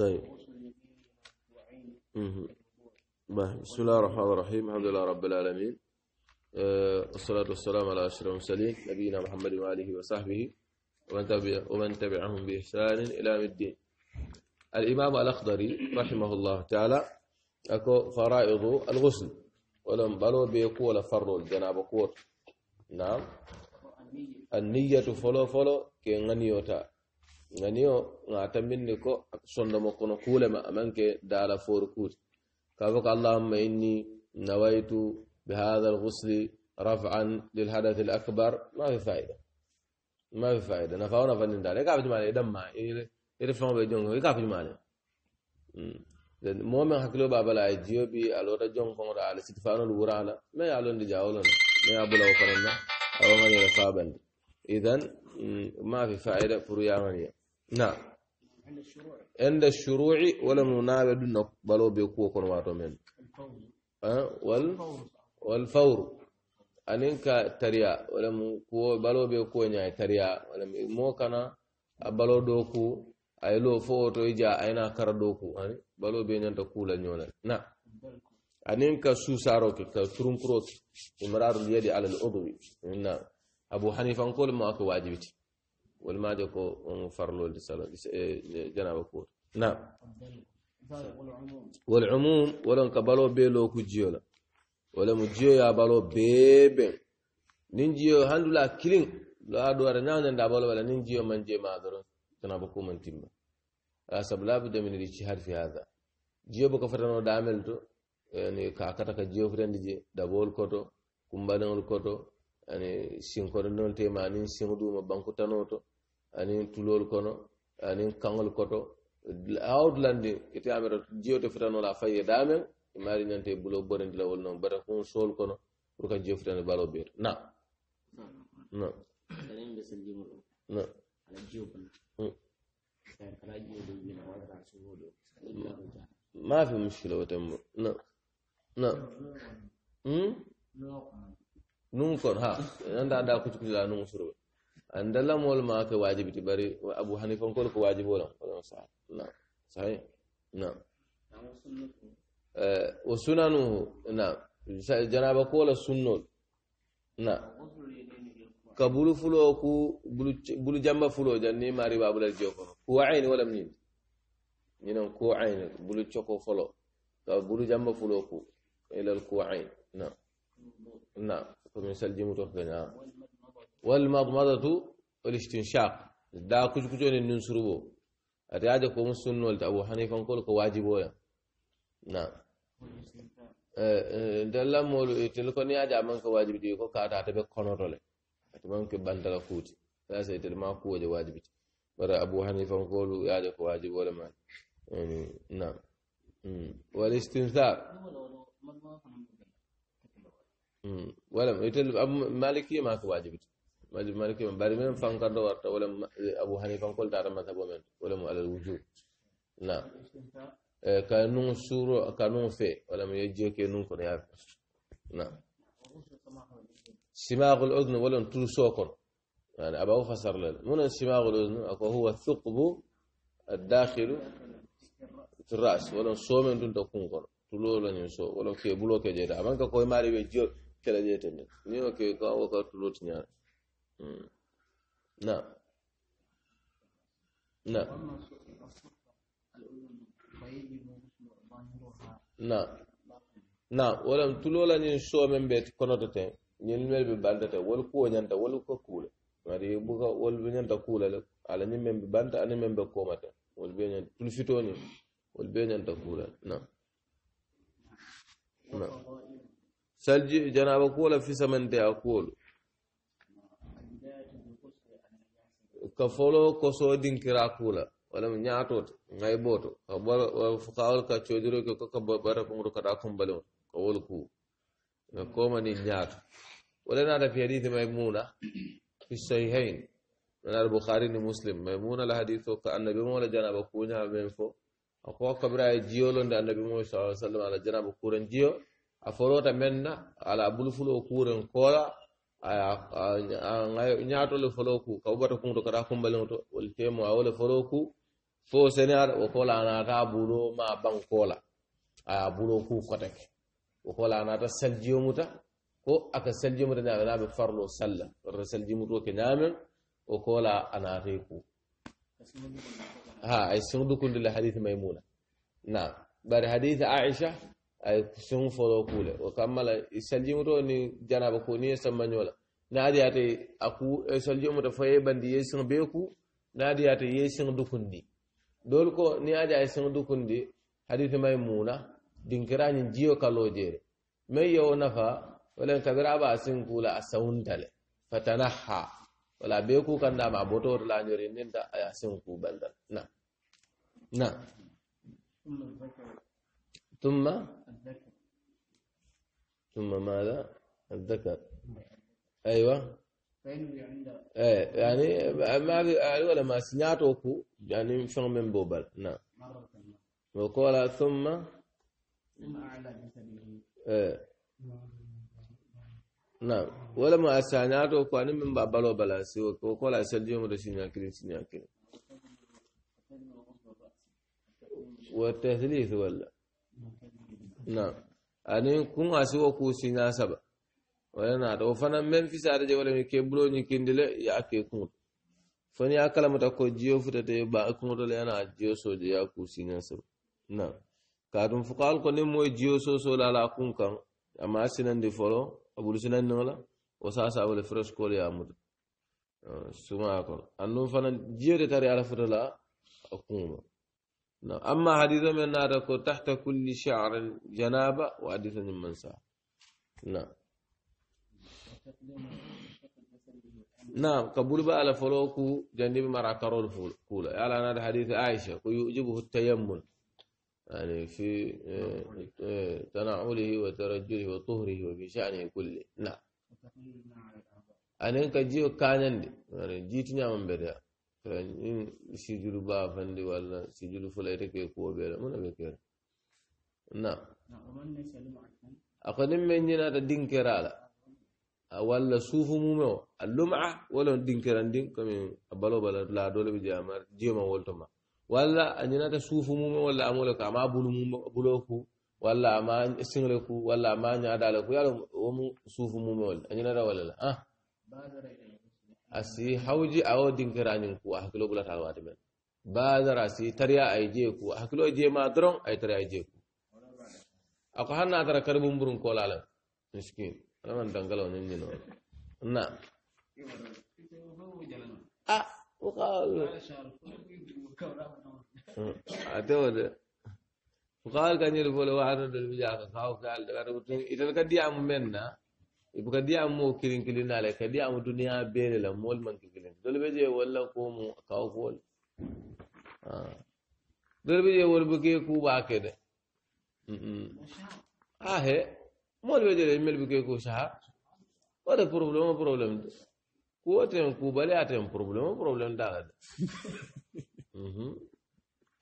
طيب بسم الله الرحمن الرحيم الحمد لله رب العالمين آه، والصلاة والسلام على أشرف المرسلين نبينا محمد وآله وصحبه ومن, تبع ومن تبعهم بإحسان إلى يوم الدين الإمام الأخضري رحمه الله تعالى أكو فرائض الغسل ولم بلو بيقول فروا الجناب قوت نعم النية فلو فلو كي غنيوتا ganiyo ŋata minni ko sondomo kono kuulema amanke dala foru kuuti kafo ko allahumma inni nawaitu bihada alghusli raf'an lilhadath alakbar ma fi faida ma fi faida nafa o nafa nin dala e kafa jumale e damma ire feŋo be jonko e kafa jumale moo meŋ hakkilo ba bala a jiyo bi a lota jonkoŋoto ala sitifanolu wura ala meŋ ye a londi jawolon meŋ ye a bula wo konon na awoŋa yele faabandi idan ma fi faida pour yamaniya نعم عند الشروع عند الشروع ولا منابد بلو بيكو كون واتو من أه؟ وال والفور aninka tariya wala mu kuwo balo be ko nya tariya wala mo kana a balo do ku ay lo fo to ija ayna kara do ku ani balo be nyanta kula nyola na aninka su saro ke ka turum kuro imrarul yadi ala al udwi na abu hanifa ko ma ko wajibiti والمادة كو مفرلو إيه، جنابة كور نعم والعموم ولن قبلو بيلو كجيولا ولا مجيو يا بالو بيبي نينجيو هندولا كيلين لا دوار نان ندا بالو ولا نينجيو منجي ما درون جنابة كو من تيم سبب لا بد من الاجتهاد في هذا جيو بك فرنو داملتو يعني كاكتا كجيو فرندي دابول كوتو كومبالون كوتو ani sinkoronol tema anin siŋo duma bankutano to anin tulol kono anin kaŋol koto awdulandi ite amira jiyo te futanola a fayye damen imari ñante bulo borendi la wol noon bata kun sol kono pour ka jiyo futane balo beeto na na na ما في مشكلة وتم نعم نعم nun kon ha anda anda kucu kucu la nun suru andala mol ma ke wajibi ti bari abu hanifa ko ko wajibi wala wala sa na sai na eh wa sunanu na janaba ko la sunnol na kabulu fulo ku bulu jamba fulo janni mari babula joko ku aini wala min ñinon ku aini bulu choko folo ka bulu jamba fulo ku ila ku aini na no. نعم فمثال دي متوخذنا والمضمضة والاستنشاق دا كوج كوج ان ننسرو اتياجا كوم سنن ولد ابو حنيفه نقول كو واجب ويا نعم أه، أه، ا دلا مولو تلكون يا جا من كو واجب دي كو كاتا تبي كونوتول اتمان كي بندلا كوتي لا سيد ما كو واجب دي برا ابو حنيفه نقول يا جا كو واجب ولا ما يعني، نعم والاستنثار ولم يتل أبو مالكية ما هو واجب واجب مالكية من بارم من فان كان دوارته ولم أبو حنيفة كل دارم ما تبوا من ولم على الوجود نعم كانوا سورة كانوا في ولم يجي كانوا كنيا نعم سماغ الأذن ولم تلسوكن يعني أبو فسر لنا من سماغ الأذن أكو هو الثقب الداخل في الرأس ولم سومن دون تكون كن تلو لن يسو ولو كي بلو كي جيدا أمان كوي ماري بيجيو kala je tende ni o ke ko awo ko tulot nya mm. na na na na walam tulola ni so men be konoto te ñin mel be banta te wol ko nyanta wol ko kuule bu ko wol be nyanta kuula le ala ni men be banta ani men be kooma te wol be nyanta tul fitoni wol be ñanta kuula na na سلجي جناب أقول في سمن دي أقول كفولو كسو دين كرا أقول ولا من ياتوت ناي بوتو فقاول كتشودرو كوكا كبارا كمرو كدا بلون كول كو كوما نين ياتو ولا نعرف في حديث ميمونة في الصحيحين من البخاري المسلم ميمونة الحديث كأن النبي مولى جناب أقول نعم فو أقوى كبرى جيولون النبي مولى صلى الله عليه وسلم على جناب أقول جيو a forota ala bulfulo kuren kola ñatole folo ku ka ubata kuŋto kata wol temo a wole fo senear wo kola a naata bulo ma bankola aya bulo ku koteke wo kola a naata saljiyo muta ko aka saljiyo muta ñaame naɓe farlo salla wata salji muto ke ñaamen wo kola a naate ha ay sundukundulle hadith maymuna na bari hadith aisha ay sun folo kule o kammala saljimuto ni janaba ko ni sammanyola a ate aku eh, saljimuto faye bandi yesin beku ku naadi ate yesin dukundi dol ko ni adi ay sin dukundi hadith may muna ni jiyo kalojere mai yewo nafa walen ba a sin kula a sawuntale fatanaha wala beku ku kandama a botowoto lañori ninta aya sin ku baldal na na ثم ثم ماذا الذكر أيوة إيه يعني ما ولا ما سنياتوكو يعني فهم من بوبل نعم وقال ثم ثم أعلى بسبيله إيه نعم ولا ما أسانياتو يعني من بابالو بلاسي وقال أسلجيهم رشينيا كرين سنيا كرين والتثليث ولا نعم أني كون أسوأ كوسينا سبب wayana da fana men fi sare je wala ke bulo ni kindile ya ke kun fani ya kala mata ko jiyo futa te ba kun dole yana jiyo so je ya ku sinan so na ka dum fuqal ko ne moy jiyo so so la la kun kan amma sinan de folo abul sinan no la o sa sa wala fresh ko ya mud suma ko annun fana jiyo de tare ala futa la kun نعم. أما حديث من نارك تحت كل شعر جنابة وحديث من منسى نعم نعم قبول بقى لفلوكو جنب مرع كرول فولا يعني أنا حديث عائشة ويؤجبه التيمم يعني في آه، آه، تنعله وترجله وطهره وفي شأنه كله نعم أنا كجيو كانندي يعني جيتني نعم من بريا in sijulu baafandi walla sijulu fulayta ke kuwoɓeela mona ɓe keera na akonin men ñinata dinkerala walla suufu mume o a lum'a wala dinkeran din comme a balobala laadole ɓe jamar jema woltoma walla a ñinata suufu mume walla amole ko ama bulu mume bulo ku walla ama siŋle ku walla ama ñaadale ku yalo womu suufu mume walla a ñinata walla la ah asi hawji awo dinkirañin ku a hakkilo bulata waati men badara si tariya ay jee ku a hakkilo jee ma doron ay tariya ay jee ku ako han natara karibu mburun kolala miskin alaman dangalo nin nino na a وقال أتود وقال كان يقول واحد من البجاعة خاوف قال إذا كان دي عم منا ibuka diya mo kirin kirin na le kadiya mo duniya bere la mol man kirin dole be je walla ko mu kaw ko ah dole be je wol bu ke ku ba ke de ah he mol be je mel bu ke ku sha wala problem problem ko tem ku bale atem problem problem da la mhm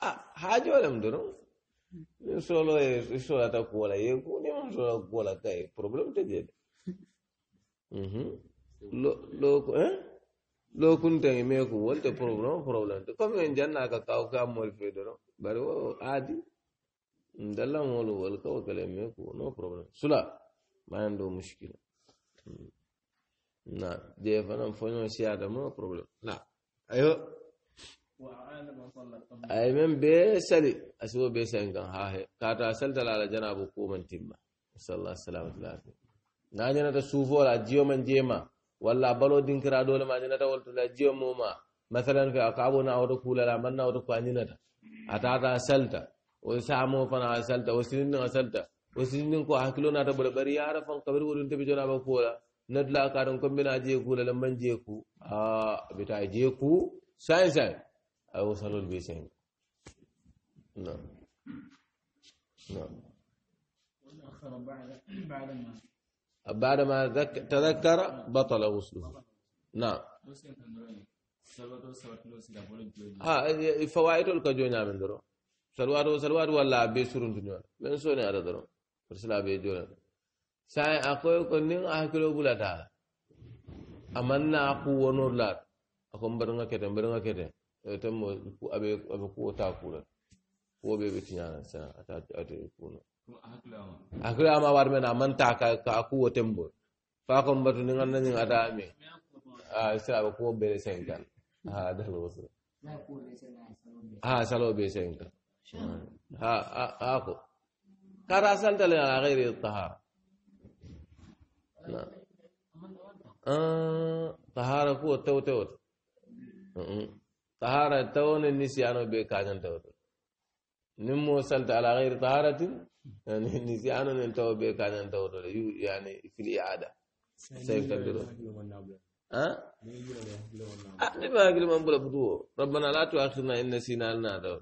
ah hajo lam do no solo e solo ta ko la e ku ni mo solo ko la kai problem te je loko lokunteŋe mee ko wolte probléme probléme te comme en janna ka kaw ka mool fe doro bari wo aadi ndalla moolu wol ka wo kele mee ko no probléme sula mayan do muskila na jee fanan foñoo siyaata mo probléme na ayo ay men bee sali asiwo bee sen kan haahe kaata saltala ala janaabo kuuman timma sallah salamatu lafiya na ñanata suufola jiyo man jeema walla balo dinkira dole ma ñanata woltula jiyo moma masalan fe ka abona awta kuulala manna awta ko a ñanata a tata salta o saamo fana a salta o sininnin a salta o sininnin ko hakkilo nata ɓoɗa ɓari yara fan kabari woɗum teɓe jonaɓa kuola nadla kaɗan kombina jeye kuulala man jeye ku a bita jeye ku sain sain ay wo salol be sain نعم نعم بعد بعد ما بعدما ذك... تذكر بطل غسله نعم ها فوائد الكجو نعم درو سلوات وسلوات ولا بيسرون دنيا من سوني هذا درو برسلا بيجونا ساي اكو كنين اكلو بولاتا amanna aku wonor lat لا baranga kete baranga kete tammo abe abe ko ta kula ko be bitinya sana ata ata hakkilama warmen a manta ka a kuwo tembo fa kon batu ni ganna ni ata me a sira ba kuwo bere senkan ha da ba wasu ha salo be senkan ha ha ko kara santa le ala ghairi tahara na tahara kuwo tew tew tahara tawne nisiyano be kajan tew tew nimmo santa ala ghairi taharatin يعني نسيان انتو بيكان انتو يعني في الإعادة سيكتبرون ها؟ أحلم أقل من بلا بدو ربنا لا تؤاخذنا إن نسينا لنا دور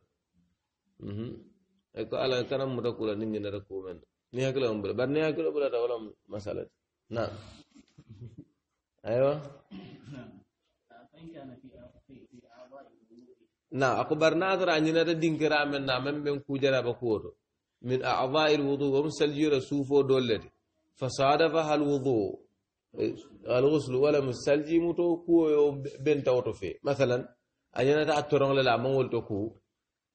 eko ala kana muta kula ni ngina ra kumen ni hakla umbra bar ni hakla bula ta wala masala na aywa na akubar na azra nyina ta dinkira men na men ben kujara ba kuoto من أعضاء الوضوء ومسلجي رسوفو دولتي فصادفها الوضوء الغسل ولا مسلجي متو كو بنت وطفي مثلا أنا تأترون للا مول تكو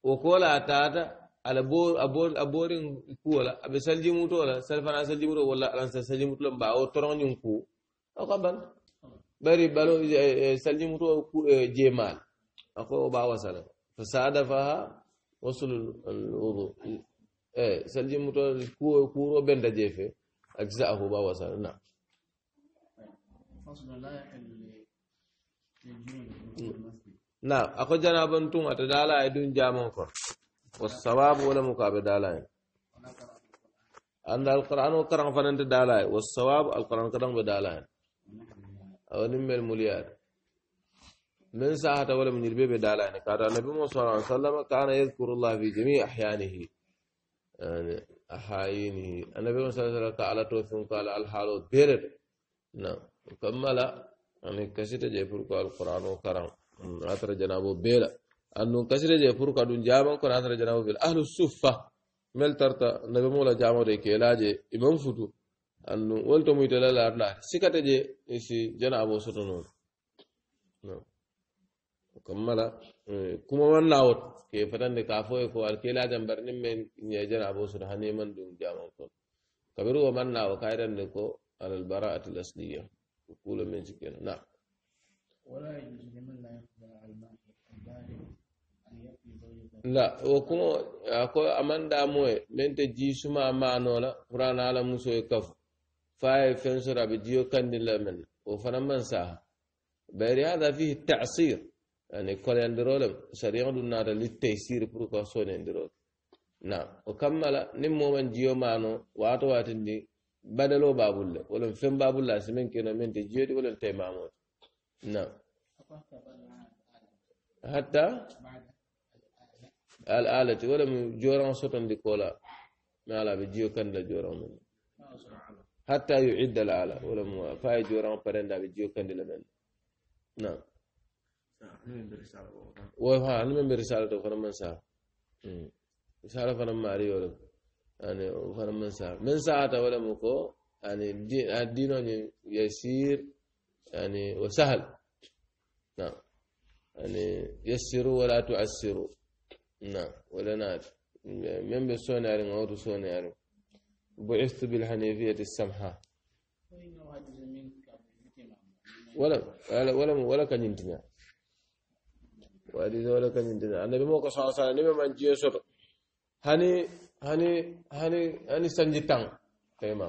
وكولا تاتا على بور أبور أبورين كولا أبي سلجي متو ولا سلفنا سلجي متو ولا أنسى سلجي متو لمبا أو ترون ينكو أو قبل بري بالو إيه، إيه، سلجي متو إيه، جيمال أقول باوسلا فصادفها وصل الوضوء e eh, sanji muto kuwo kuuro benda je fe ajza'ahu ba wasara na na ako janaban tun ata dala ay dun jamon kon والصواب ولا مقابل دالاي عند القرآن وقرآن فننت دالاي والصواب القرآن قرآن بدالاي أو نم المليار من ساعة ولا من البيب دالاي قال النبي صلى الله عليه وسلم كان يذكر الله في جميع أحيانه hayini annabi on sasara ka ala to fun ko ala alhaalo beerete na kammala ani kasita je pour ko alquran o karan atara janabo beela annun kasita je pour ko aɗum jaman kono atara janabo beela ahlu suffa mel tarta nabi mola jamode kelaje imam futu annun wolto muytelalaatnaate sikata je si janabo soto noon non kammala kuma man lawot ke fatande ka foye ko ar kela jambar nin men ñejana abo soto ha neman ɗum jaman kon kabiru o man lawo kayitande ko alal bara'ati l asliya kuulo men sikkeno na la wo kuma ako aman damoye men te jii suma manola pourana ala musoye kafu faye fen sora ɓe jiyo kandilla men o fana man saha bayri hada fihi tasir ani kolendiroo le sariyaŋo duŋ naata li teysiiri pour ko sonindiroo na o kamma la niŋ moo maŋ jiyo maano waato waatindi badaloo baa bulu le woloŋ feŋ baa bulu la a si meŋ keno meŋ te jiyo ti woloŋ tey maamoo ti na hatta al alati woloŋ jooraŋo sotondi koo la ma ala be jiyo kandi la jooraŋo meŋ hatta yuidda al ala woloŋ fa ye jooraŋo parenda a be jiyo kandi la meŋ na وها أنا من برسالته فلم من سار رسالة فرمان ماري أريه يعني فرمان من سار من ساعة ولا مكو يعني الدين الدين يسير يعني وسهل نعم يعني يسروا ولا تعسروا نعم ولا نات من بسوني يعني ما هو سوني يعني بعثت بالحنيفية السمحة ولا ولا ولا ولا كان يمتنع وادي ذولا كنتنا أنا موكو صلى الله عليه وسلم من جيسر هني هني هني هني سنجتان كيما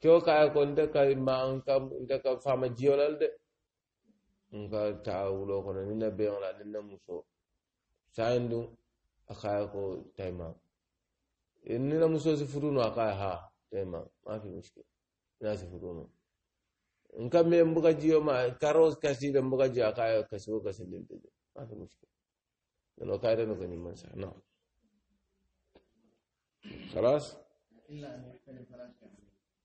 كيو كاي كون ده كاي ما انكم ده كا فاما جيولال ده انكا تاولو كون ني نبي ولا ني نمسو ساندو اخاي كو تيما ان نمسو سفرونو اخاي ها تيما ما في مشكله لازم فرونو nkambe mbuka jiyo ma karos kasile mbuka jiyo akayo kasiwo kasililbide ما في مشكلة لأنه قاعدة نغني من ساعة نعم خلاص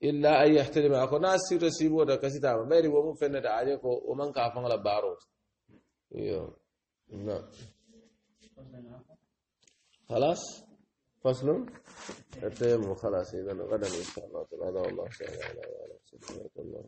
إلا أن يحترم أكو ناس سيرة سيبو دا كسي تاما بيري ومو فنة دا عجيكو ومن كافن غلا باروت يو نعم خلاص فصل التيمم خلاص إذا غدا إن شاء الله هذا والله تعالى على وعلى سيدنا الله